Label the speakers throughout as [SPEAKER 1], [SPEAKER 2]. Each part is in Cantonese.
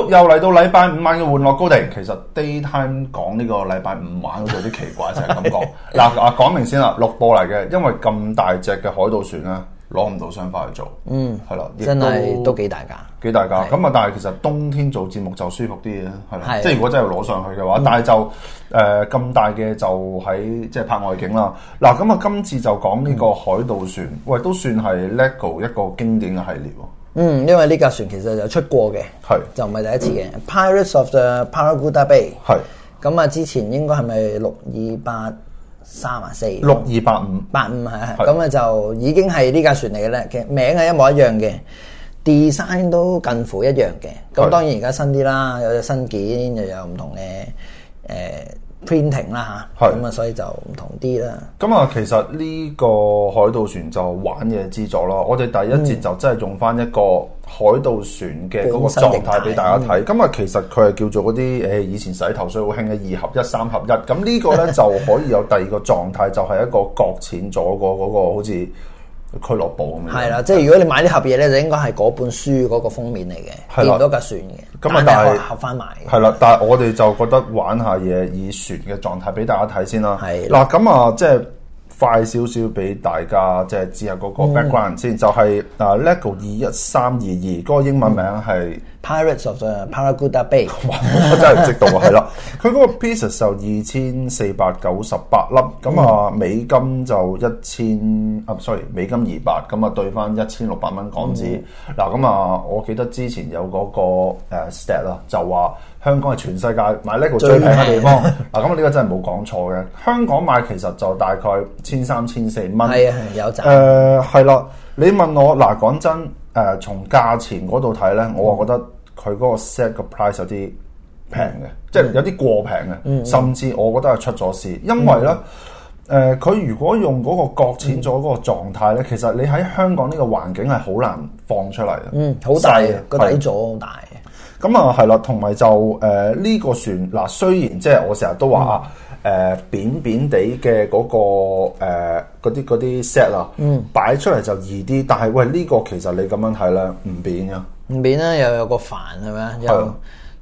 [SPEAKER 1] 又嚟到禮拜五晚嘅玩樂高地，其實 daytime 講呢個禮拜五晚有啲奇怪就嘅感覺。嗱，啊講明先啦，錄播嚟嘅，因為咁大隻嘅海盜船咧，攞唔到商花去做。嗯，係啦的，真係都，都幾，大幾大價，幾大價。咁啊，但係其實冬天做節目就舒服啲嘅。係啦。是的 即係如果真係要攞上去嘅話，嗯、但係就誒咁、呃、大嘅就喺即係拍外景啦。嗱，咁啊，今次就講呢個海盜船，喂，都算係 Lego 一個經典嘅系列。
[SPEAKER 2] 嗯，因為呢架船其實就出過嘅，係是就唔係第一次嘅。嗯、Pirates of the Barracuda Bay，係咁啊，之前應該係咪六二八三啊四？六二八五，八五係，咁啊就已經係呢架船嚟嘅啦。其實名係一模一樣嘅，design 都近乎一樣嘅。咁當然而家新啲啦，有隻新件又有唔同嘅。誒、呃、printing 啦嚇，咁啊是所以就唔同啲啦。咁啊、嗯、其實呢
[SPEAKER 1] 個海盜船就玩嘢之作咯。我哋第一節就真係用翻一個海盜船嘅嗰個狀態俾大家睇。咁啊，嗯、其實佢係叫做嗰啲，誒，以前洗頭水好興嘅二合一、三合一。咁呢個咧就可以有第二個狀態， 就係一個擱淺咗過嗰個好似。俱樂部咁樣，係啦，即
[SPEAKER 2] 係如果你買啲盒嘢咧，就應該係嗰本書嗰個封面嚟嘅，的見到架船嘅，咁但係是是合翻埋
[SPEAKER 1] 嘅。係啦，但係我哋就覺得玩下嘢，以船嘅狀態俾大家睇先啦。係嗱的，咁啊，即係。快少少俾大家即係知下嗰個 background 先，嗯、就係啊 Legol 二一三二二，嗰、uh, 個英文名係、嗯、
[SPEAKER 2] Pirates of、uh, Paragoda o Bay。 真係唔讀啊，係啦。
[SPEAKER 1] 佢嗰個 pieces 就二千四百九十八粒，咁啊美金就一千啊 sorry 美金二百，咁、嗯、啊兌翻一千六百蚊港紙。嗱咁啊，我記得之前有嗰、那個 s t e p 啦，uh, stat, 就話。香港係全世界買 LEGO 最平嘅地方，嗱咁呢個真係冇講錯嘅。香港買其實就大概千三千四蚊，係啊，有賺。誒係啦，你問我嗱、呃，講真誒、呃，從價錢嗰度睇咧，嗯、我覺得佢嗰個 set 個 price 有啲平嘅，嗯、即係有啲過平嘅，甚至我覺得係出咗事，因為咧誒，佢、嗯呃、如果用嗰個擱淺咗嗰個狀態咧，嗯、其實你喺香港呢個環境係好難放出嚟嘅，嗯，好大啊，個底座好大。咁啊，係啦，同埋就誒呢個船嗱、呃，雖然即係我成日都話誒、嗯呃、扁扁地嘅嗰個誒嗰啲嗰啲 set 啦，嗯，擺出嚟就易啲，但係喂呢、這個其實你咁樣睇咧唔扁啊，
[SPEAKER 2] 唔扁啦、啊，又有個帆係咪啊，又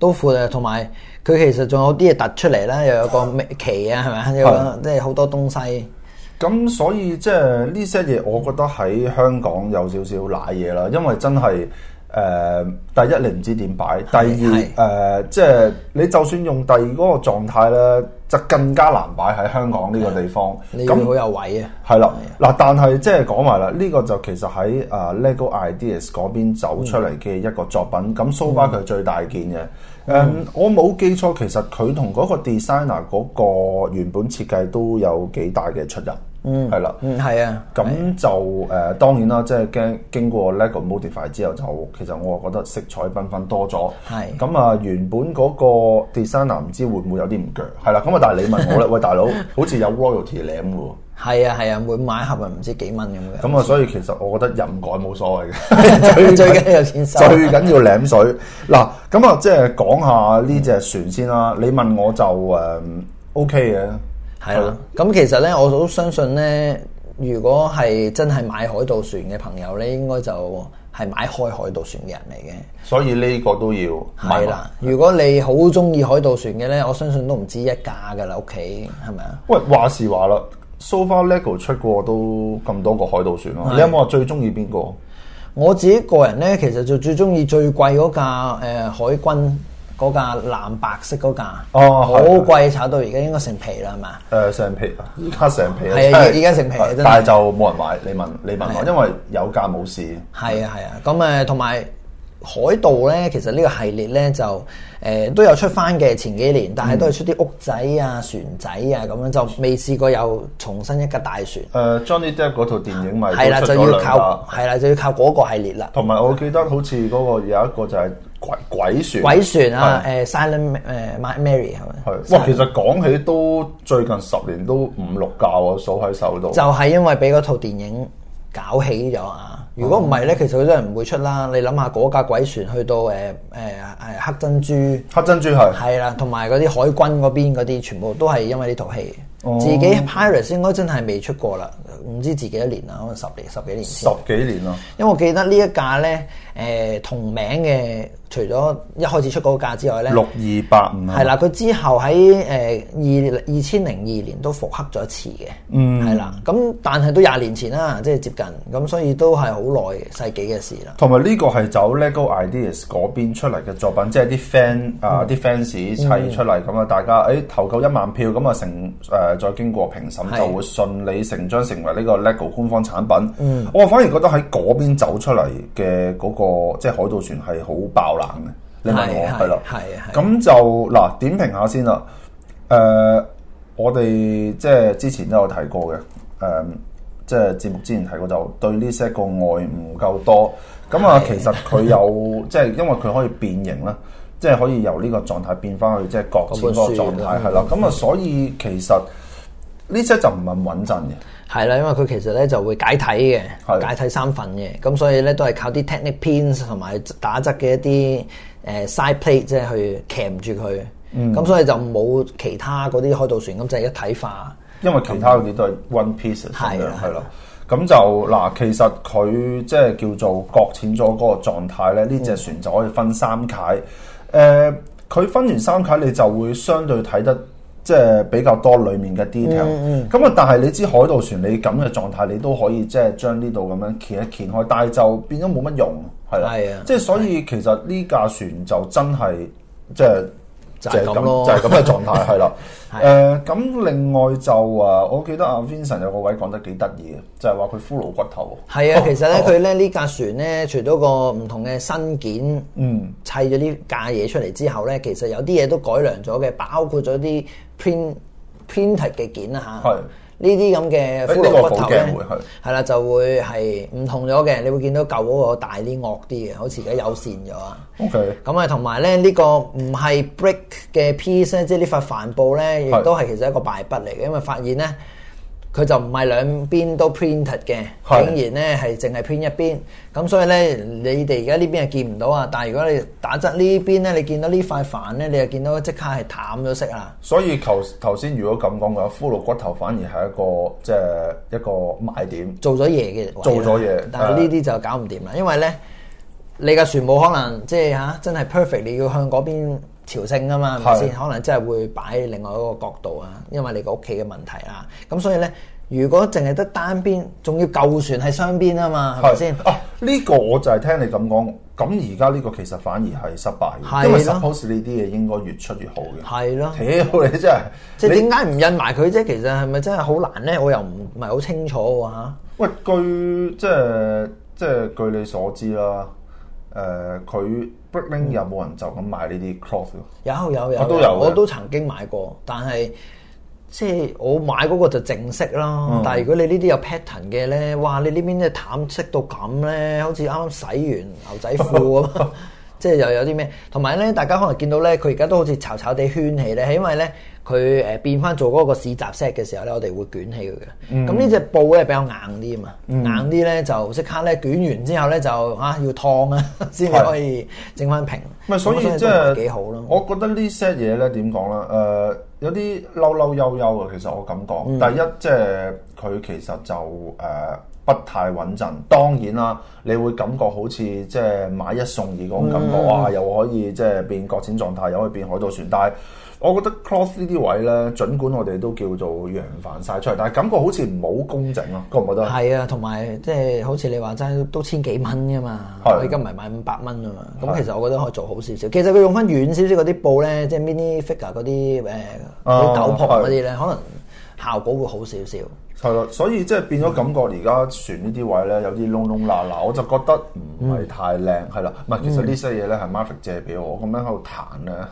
[SPEAKER 2] 都的闊啊，同埋佢其實仲有啲嘢突出嚟啦，又有個旗啊，係咪啊，即係好多東西。咁所以
[SPEAKER 1] 即係呢 set 嘢，就是、我覺得喺香港有少少瀨嘢啦，因為真係。誒，第一你唔知點擺，的第二，誒即係你就算用第二嗰個狀態咧，就更加難擺喺香港呢個地方。咁好的那有位啊！係啦，嗱，但係即係講埋啦，呢、就是這個就其實喺啊、uh, LEGO Ideas 嗰邊走出嚟嘅一個作品。咁 so far 佢最大件嘅，誒、嗯 um, 我冇記錯，其實佢同嗰個 designer 嗰個原本設計都有幾大嘅出入。嗯，係啦，嗯，係啊，咁就誒，當然啦，即係驚經過 LEGO modify 之後，就其實我又覺得色彩繽紛多咗，係，咁啊原本嗰個 designer 唔知會唔會有啲唔鋸，係啦，咁啊但係你問我咧，喂大佬，好似有 royalty lim，
[SPEAKER 2] 係啊係啊，每買一盒咪唔知幾蚊咁嘅，咁
[SPEAKER 1] 啊所以其實我覺得任改冇所謂嘅，最最緊要錢收，最緊要舐水，嗱，咁啊即係講下呢隻船先啦，你問我
[SPEAKER 2] 就誒，OK 嘅。係啦，咁的其實咧，我都相信咧，如果係真係買海盜船嘅朋友咧，應該就係買開海盜船嘅人嚟嘅。
[SPEAKER 1] 所以呢個都要係啦。的
[SPEAKER 2] 的如果你好中意海盜船嘅咧，我相信都唔止一架噶啦，屋企係咪
[SPEAKER 1] 啊？喂，話時話啦，so far Lego 出過都咁多個海盜船咯。的你有冇話最中意邊個？
[SPEAKER 2] 我自己個人咧，其實就最中意最貴嗰架誒、呃、海軍。嗰架藍白色嗰架，哦，好貴，炒到而家應該成皮啦，係咪？
[SPEAKER 1] 誒、呃，成皮，而家成皮啊！係啊，而家成皮啊！但係就
[SPEAKER 2] 冇人買，你問，你問我，的因為有價冇市。係啊係啊，咁誒，同埋海盜咧，其實呢個系列咧就誒、呃、都有出翻嘅，前幾年，但係都係出啲屋仔啊、船仔啊咁樣，就未試過有重新一架大船。誒、嗯呃、
[SPEAKER 1] ，Johnny Depp 嗰套電影咪係啦，就要靠係啦，就要靠嗰個系列啦。同埋我記得好似嗰個有一個就係、是。鬼，鬼船，鬼
[SPEAKER 2] 船啊！誒，Silent 誒，Mary 係咪？係、呃。哇，其實講起
[SPEAKER 1] 都最近十年都五六架啊，數喺手度。就係
[SPEAKER 2] 因為俾嗰套電影搞起咗啊！哦、如果唔係咧，其實佢真係唔會出啦。你諗下，嗰架鬼船去到誒誒誒黑珍珠，黑珍珠係係啦，同埋嗰啲海軍嗰邊嗰啲，全部都係因為呢套戲。嗯、自己 Pirates 應該真係未出過啦，唔知自己幾多年啦？可能十年十幾年。十幾年咯。年因為我記得呢一架咧，誒、呃、同名嘅。除咗一開始出嗰個價之外咧，六二八五係啦。佢之後喺誒二二千零二年都復刻咗一次嘅，係啦、嗯。咁但係都廿年前啦，即、就、係、是、接近咁，所以都係好耐世紀嘅事啦。
[SPEAKER 1] 同埋呢個係走 LEGO Ideas 嗰邊出嚟嘅作品，即係啲 fan 啊、呃、啲、嗯、fans 砌出嚟咁啊，嗯嗯、大家誒投、哎、夠一萬票咁啊，成誒、呃、再經過評審就會順理成章成為呢個 LEGO 官方產品。我反而覺得喺嗰邊走出嚟嘅嗰個即係海盜船係好爆。嗯嗯冷嘅？你問我係咯，咁就嗱點評下先啦。誒，我哋即係之前都有提過嘅，誒，即係節目之前提過，就對呢些個愛唔夠多。咁啊，其實佢有即係，因為佢可以變形啦，即係可以由呢個狀態變翻去即係擱淺嗰個狀態，係啦。咁啊，
[SPEAKER 2] 所以其實。呢隻就唔係咁穩陣嘅，係啦，因為佢其實咧就會解體嘅，是的 解體三份嘅，咁所以咧都係靠啲 technic pins 同埋打側嘅一啲誒 side plate 即係去騎唔住佢，咁、嗯嗯、所以就冇其他嗰啲海盜船咁即係一體化，
[SPEAKER 1] 因為其他嗰啲都係 one piece 咁是的 樣係啦。咁就嗱，嗯、其實佢即係叫做擱淺咗嗰個狀態咧，呢隻船就可以分三階。誒、呃，佢分完三階，你就會相對睇得。即係比較多裡面嘅 detail，咁啊！嗯嗯、但係你知海盜船你咁嘅狀態，你都可以即係將呢度咁樣揭一揭開，但係就變咗冇乜用，係啊！啊即係所以其實呢架船就真係、啊、即係。就係咁咯，就係咁嘅狀態，係啦。誒、 啊，咁、呃、另外就啊，我記得阿 Vincent 有個位講得幾得意嘅，就係話佢骷髏骨頭。
[SPEAKER 2] 係啊，其實咧，佢咧、哦、呢架、哦、船咧，除咗個唔同嘅新件，嗯，砌咗啲架嘢出嚟之後咧，其實有啲嘢都改良咗嘅，包括咗啲 print printer 嘅件啊嚇。呢啲咁嘅骷髏骨頭咧，係啦就會係唔同咗嘅，你會見到舊嗰個大啲惡啲嘅，好似而家友善咗啊。OK，咁啊同埋咧呢、呢個唔係 brick 嘅 piece，即係呢塊帆布咧，亦都係其實一個敗筆嚟嘅，因為發現咧。佢就唔係兩邊都 print 嘅，竟然咧係淨係 print 一邊。咁所以咧，你哋而家呢邊係見唔到啊！但係如果你打側呢邊咧，你見到塊帆呢塊帆咧，你就見到即刻係淡咗色啊！
[SPEAKER 1] 所以頭頭先如果咁講嘅，骷髏骨頭反而係一個即係、就是、一個賣
[SPEAKER 2] 點。做咗嘢嘅，做咗嘢，但係呢啲就搞唔掂啦。因為咧，你嘅船冇可能即係吓，真係 perfect，你要向嗰邊。朝聖啊嘛，係咪先？可能真係會擺另外一個角度啊，因為你個屋企嘅問題啊。咁所以咧，如果淨係得單邊，仲要舊船係雙邊啊嘛，係咪先？哦、啊，呢、呢個我就係聽你咁講。咁而
[SPEAKER 1] 家呢個其實反而係失敗嘅，是的 因為 suppose 呢啲嘢應該越出越好
[SPEAKER 2] 嘅。係咯是的。屌你真係，即係點解唔印埋佢啫？其實係咪真係好難咧？我又唔係好清楚喎、啊、
[SPEAKER 1] 喂，據、即係、即係即係據你所知啦，誒、呃、
[SPEAKER 2] 佢。bring 有冇人就咁買呢啲 cloth？有有有，我，我都曾經買過，但係即係我買嗰個就淨色啦。但係如果你呢啲有 pattern 嘅咧，哇！你呢邊即係淡色到咁咧，好似啱啱洗完牛仔褲咁，即係又有啲咩？同埋咧，大家可能見到咧，佢而家都好似巢巢地圈起咧，因為咧。佢誒變翻做嗰個市集 set 嘅時候咧，我哋會捲起佢嘅。咁、嗯、呢隻布咧比較硬啲啊嘛，嗯、硬啲咧就即刻咧捲完之後咧就啊，要燙啊，先至可以整翻平。唔係，所以即係幾好咯。我
[SPEAKER 1] 覺得呢 set 嘢咧點講咧？誒、呃，有啲嬲嬲悠悠嘅，其實我感覺，嗯、第一即係佢其實就誒、呃、不太穩陣。當然啦，你會感覺好似即係買一送二嗰種感覺，啊、嗯，又可以即係變擱淺狀態，又可以變海盜船，但係。我覺得 cloth 呢啲位咧，儘管我哋都叫做揚帆晒出，但係感覺好似唔好工整咯，覺唔覺得
[SPEAKER 2] 啊？係啊，同埋即係好似你話齋都千幾蚊噶嘛，我而家唔係買五百蚊啊嘛，咁、啊、其實我覺得可以做好少少。其實佢用翻軟少少嗰啲布咧，即係 mini figure 嗰啲誒好斗篷嗰啲咧，呢啊啊、可能
[SPEAKER 1] 效果會好少少。係啦，所以即係變咗感覺隆隆隆，而家船呢啲位咧有啲窿窿罅罅，我就覺得唔係太靚，係啦，唔係、嗯、其實些
[SPEAKER 2] 呢些嘢咧係 Marvin 借俾我咁樣喺度彈啊，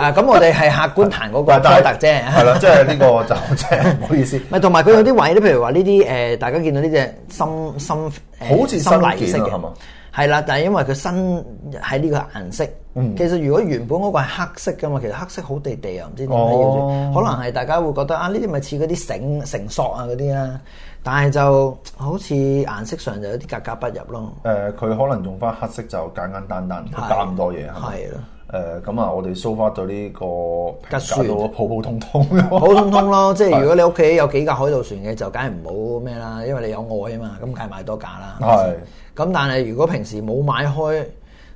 [SPEAKER 2] 啊、嗯、咁我哋係客觀彈嗰個特啫，係啦，即係呢個就
[SPEAKER 1] 即係唔好意思。
[SPEAKER 2] 唔係同埋佢有啲位咧，譬如話呢啲誒，大家見到呢隻深深誒、呃、深泥色嘅係啦，但係因為佢新，喺呢個顏色。嗯、其實如果原本嗰個係黑色噶嘛，其實黑色好地地啊，唔知點解要，哦、可能係大家會覺得啊，呢啲咪似嗰啲繩繩索啊嗰啲啦，但係就好似顏色上就有啲格格不入咯。誒、呃，佢可能用翻黑色就簡簡單
[SPEAKER 1] 單，加唔多嘢嚇。係咯的。咁啊、呃，我哋 show 翻對呢個格書都普普
[SPEAKER 2] 通通咯、啊。普通通咯，即係如果你屋企有幾架海盜船嘅，就梗係唔好咩啦，因為你有愛啊嘛，咁梗係買多架啦。係、嗯。咁的但係如果平時冇買開。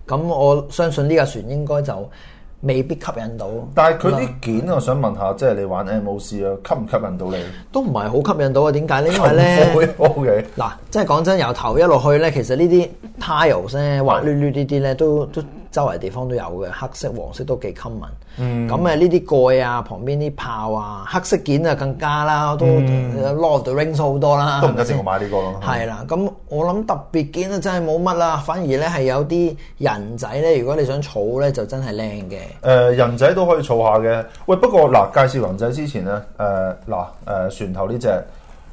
[SPEAKER 2] 咁我相信呢架船應該就未必吸引到。但係佢啲件，我想問下，即係對 你玩 MOC 啊，吸唔吸引到你？都唔係好吸引到啊？點解呢？因為咧，嗱 Okay，即係講真，由頭一路去咧，其實呢啲 tiles，滑滑滑滑呢啲 tiles 咧，滑捋捋啲啲咧，都都。周圍地方都有嘅，黑色、黃色都幾 common 咁啊，呢啲、嗯嗯、蓋啊，旁邊啲炮啊，黑色件啊更加啦，都、嗯、Lord of the Rings 好多啦。都唔得，剩我買呢個咯。係啦的，咁、嗯、我諗特別件啊，真係冇乜啦，反而咧係有啲人仔咧，如果你想儲咧，就真係靚嘅。誒、呃，人仔都可以儲下嘅。喂，
[SPEAKER 1] 不過嗱、呃，介紹人仔之前咧，誒、呃、嗱，誒、呃、船頭呢隻。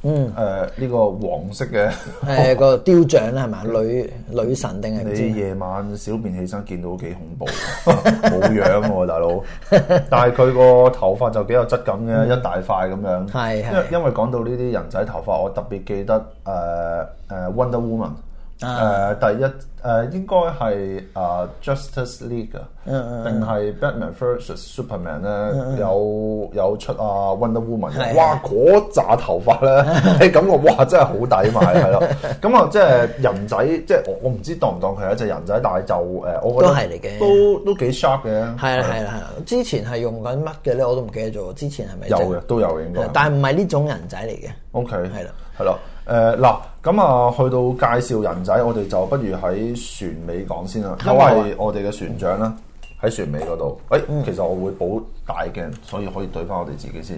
[SPEAKER 1] 嗯，誒呢、呃這個黃色嘅，誒、呃那個雕像啦，係咪女女神定係？你知夜晚小便起身見到幾恐怖，冇 樣喎，大佬。但係佢個頭髮就幾有質感嘅，嗯、一大塊咁樣。係是，因為因為講到呢啲人仔頭髮，我特別記得誒誒、呃呃、Wonder Woman。誒第一誒應該係啊 Justice League 啊，定係 Batman vs Superman 咧，有有出啊 Wonder Woman，哇嗰紮頭髮咧，誒感覺哇真係好抵買係咯，咁啊即係人仔即係我我唔知當唔當佢係一隻人仔，但係就誒我覺得都係嚟嘅，都
[SPEAKER 2] 都幾 sharp 嘅，係啦係啦係啦，之前係用緊乜嘅咧我都唔記得咗，之前係咪有嘅都有應該，但係唔係呢種人仔嚟嘅，OK 係啦
[SPEAKER 1] 係啦。誒，嗱、呃，咁啊，去到介紹人仔，我哋就不如喺船尾講先啦，因為、啊、我哋嘅船長啦喺船尾嗰度。誒、欸嗯，其實我會補大鏡，所以可以對翻我哋自己先。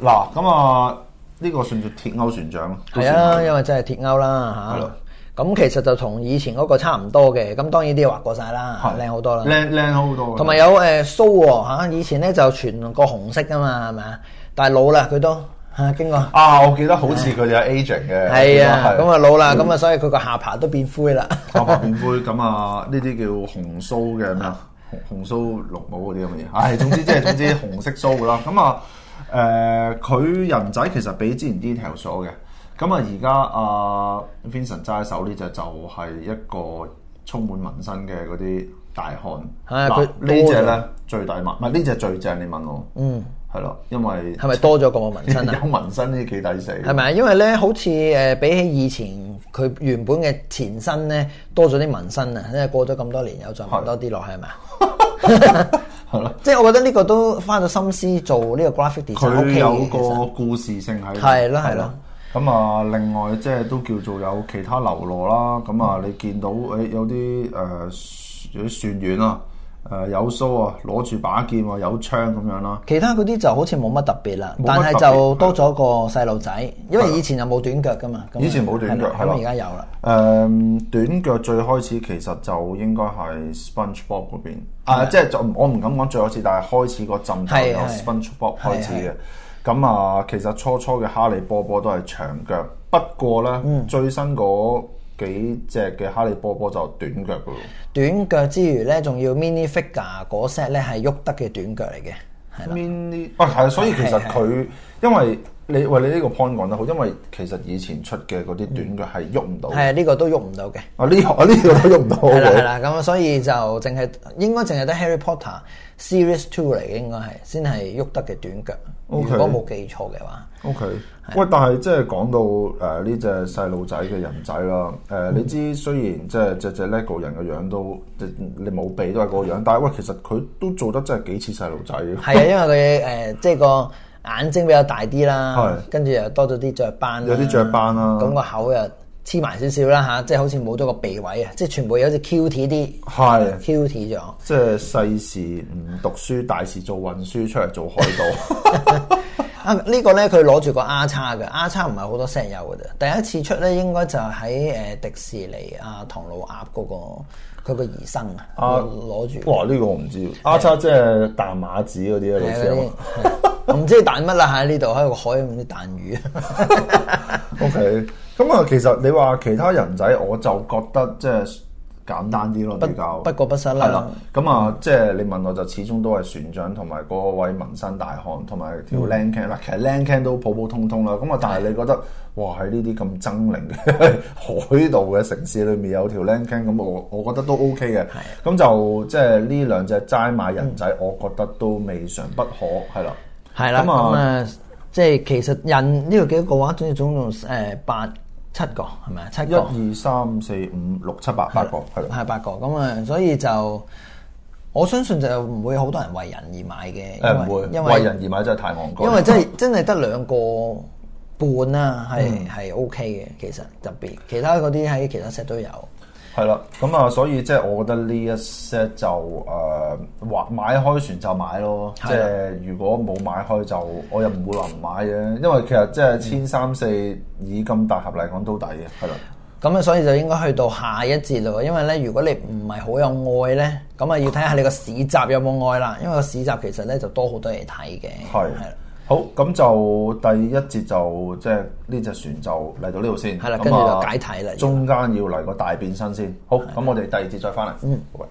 [SPEAKER 1] 嗱，咁啊，呢、啊這個算唔算鐵鉤船長咯。係啊，
[SPEAKER 2] 因為真係鐵鉤啦吓。咁、啊啊、其實就同以前嗰個差唔多嘅，咁當然啲畫過晒啦，靚好、啊、多啦，靚
[SPEAKER 1] 靚好多。同埋有
[SPEAKER 2] 誒鬚吓，以前咧就全個紅色噶嘛，係咪啊？但係老啦，佢都。吓，經過啊！我記
[SPEAKER 1] 得好似佢哋有 aging 嘅，係啊的，咁啊、嗯、老啦，咁啊
[SPEAKER 2] 所以佢個下巴都變灰啦，
[SPEAKER 1] 下巴變灰，咁 啊呢啲叫紅鬚嘅咩啊？紅紅鬚綠帽嗰啲咁嘅嘢，唉、哎，總之即係總之紅色鬚噶啦，咁 啊，誒、呃、佢人仔其實比之前 detail 咗嘅，咁啊而家啊 Vincent 揸手呢隻就就係一個充滿紋身嘅嗰啲大漢，係佢呢隻咧最大碼，唔係呢隻最正，你問我，嗯。係咯， 因為係咪多咗個紋身啊？有紋身呢，幾抵死。係咪啊？
[SPEAKER 2] 因為咧，好似誒，比起以前佢原本嘅前身咧，多咗啲紋身啊，因為過咗咁多年，又再紋多啲落，係咪啊？係咯，即係我覺得呢個都花咗心思做呢個 graphic design，佢有個
[SPEAKER 1] 故事性喺度。係咯係咯。咁啊，另外即係都叫做有其他流落啦。咁啊，你見到誒、哎、有啲誒、呃、有啲船
[SPEAKER 2] 員啊。誒，有須啊，攞住把劍啊，有槍咁樣啦。其他嗰啲就好似冇乜特別啦，但係就多咗個細路仔，因為以前有冇短腳噶嘛。以前冇短腳，係啦，而家有啦。
[SPEAKER 1] 誒，短腳最開始其實就應該係 SpongeBob 嗰邊啊，即係就我唔敢講最後次，但係開始個陣頭由 SpongeBob 開始嘅。咁啊，其實初初嘅哈利波波都係長腳，不過咧最新嗰。幾隻嘅哈利波波就短腳嘅，短
[SPEAKER 2] 腳之餘咧，仲要 mini figure 嗰 set 咧係喐得嘅短腳嚟嘅
[SPEAKER 1] ，mini，哇係、啊，所以其實佢 因為。你喂你呢個 point 講得好，因為其實以前出嘅嗰啲短腳係喐唔到。係、呢
[SPEAKER 2] 個、啊，呢、呢個啊呢個都喐唔到嘅。
[SPEAKER 1] 啊呢個呢個都喐唔到。係啦，
[SPEAKER 2] 係啦，咁所以就淨係應該淨係得 Harry Potter Series Two 嚟嘅，應該係先係喐得嘅短腳。OK. 如果冇記錯嘅話。
[SPEAKER 1] OK。喂，但係即係講到誒呢隻細路仔嘅人仔啦，誒、呃、你知雖然即係隻隻 Lego 人嘅樣都即你冇鼻都係個樣，但係喂其實佢都做得真係幾似細路仔。係啊， 因
[SPEAKER 2] 為佢誒、呃、即係、個。眼睛比較大啲啦，跟住又多咗啲雀斑，有啲雀
[SPEAKER 1] 斑啦。咁個
[SPEAKER 2] 口又黐埋少少啦嚇，即係好似冇咗個鼻位啊，即係全部有隻 Q T 啲，係 Q
[SPEAKER 1] T 咗。即係細時唔讀書，大時做運輸出嚟做海盜。
[SPEAKER 2] 啊，呢個咧佢攞住個 R 叉嘅，R 叉唔係好多 set 有嘅啫。第一次出咧應該就喺誒迪士尼啊，唐老鴨嗰個佢個兒生啊，攞住哇！呢個我唔知，R 叉即係大馬子嗰啲啊，老師。唔知彈乜啦，喺呢度喺個海入面啲彈魚。O K，
[SPEAKER 1] 咁啊，其實你話其他人仔，我就覺得即係簡單啲咯，比較不，不過不失啦。係啦，咁啊，即、就、係、是、你問我就始終都係船長同埋嗰位民生大漢同埋條僆 can 啦、嗯，其實僆 can 都普普通通啦。咁啊，但係你覺得的哇，喺呢啲咁猙獰嘅海盜嘅城市裏面有條僆 can，咁我我覺得都 O K 嘅。係咁的就即係呢兩隻齋買人仔，嗯、我覺得都未嘗不可。係啦。
[SPEAKER 2] 係啦，咁啊，即係其實人呢個幾多個話，總總共誒八七個係咪啊？七一二三四五六七八八個係係八個咁啊，對所以就我相信就唔會好多人為人而買嘅。誒唔、嗯、因為為人而
[SPEAKER 1] 買真係太昂貴。因為真
[SPEAKER 2] 係真係得兩個半啦，係係、嗯、OK 嘅，其實特別其他嗰啲喺其他 set 都有。
[SPEAKER 1] 係啦，咁啊，所以即係我覺得呢一 set 就誒，話、呃、買開船就買咯。的即係如果冇買
[SPEAKER 2] 開就，就我又唔會話唔買嘅，因為其實即係千三四以咁大盒嚟講都抵嘅，係啦。咁啊，所以就應該去到下一節咯，因為咧，如果你唔係好有愛咧，咁啊，要睇下你個市集有冇愛啦。因為個市集其實咧就多好多嘢睇嘅，係係
[SPEAKER 1] 的。的好，咁就第一節就即係呢隻船就嚟到呢度先，係啦、啊、跟住解體嚟，中間要嚟個大變身先。好，係啦，咁我哋第二節再翻嚟。嗯，好。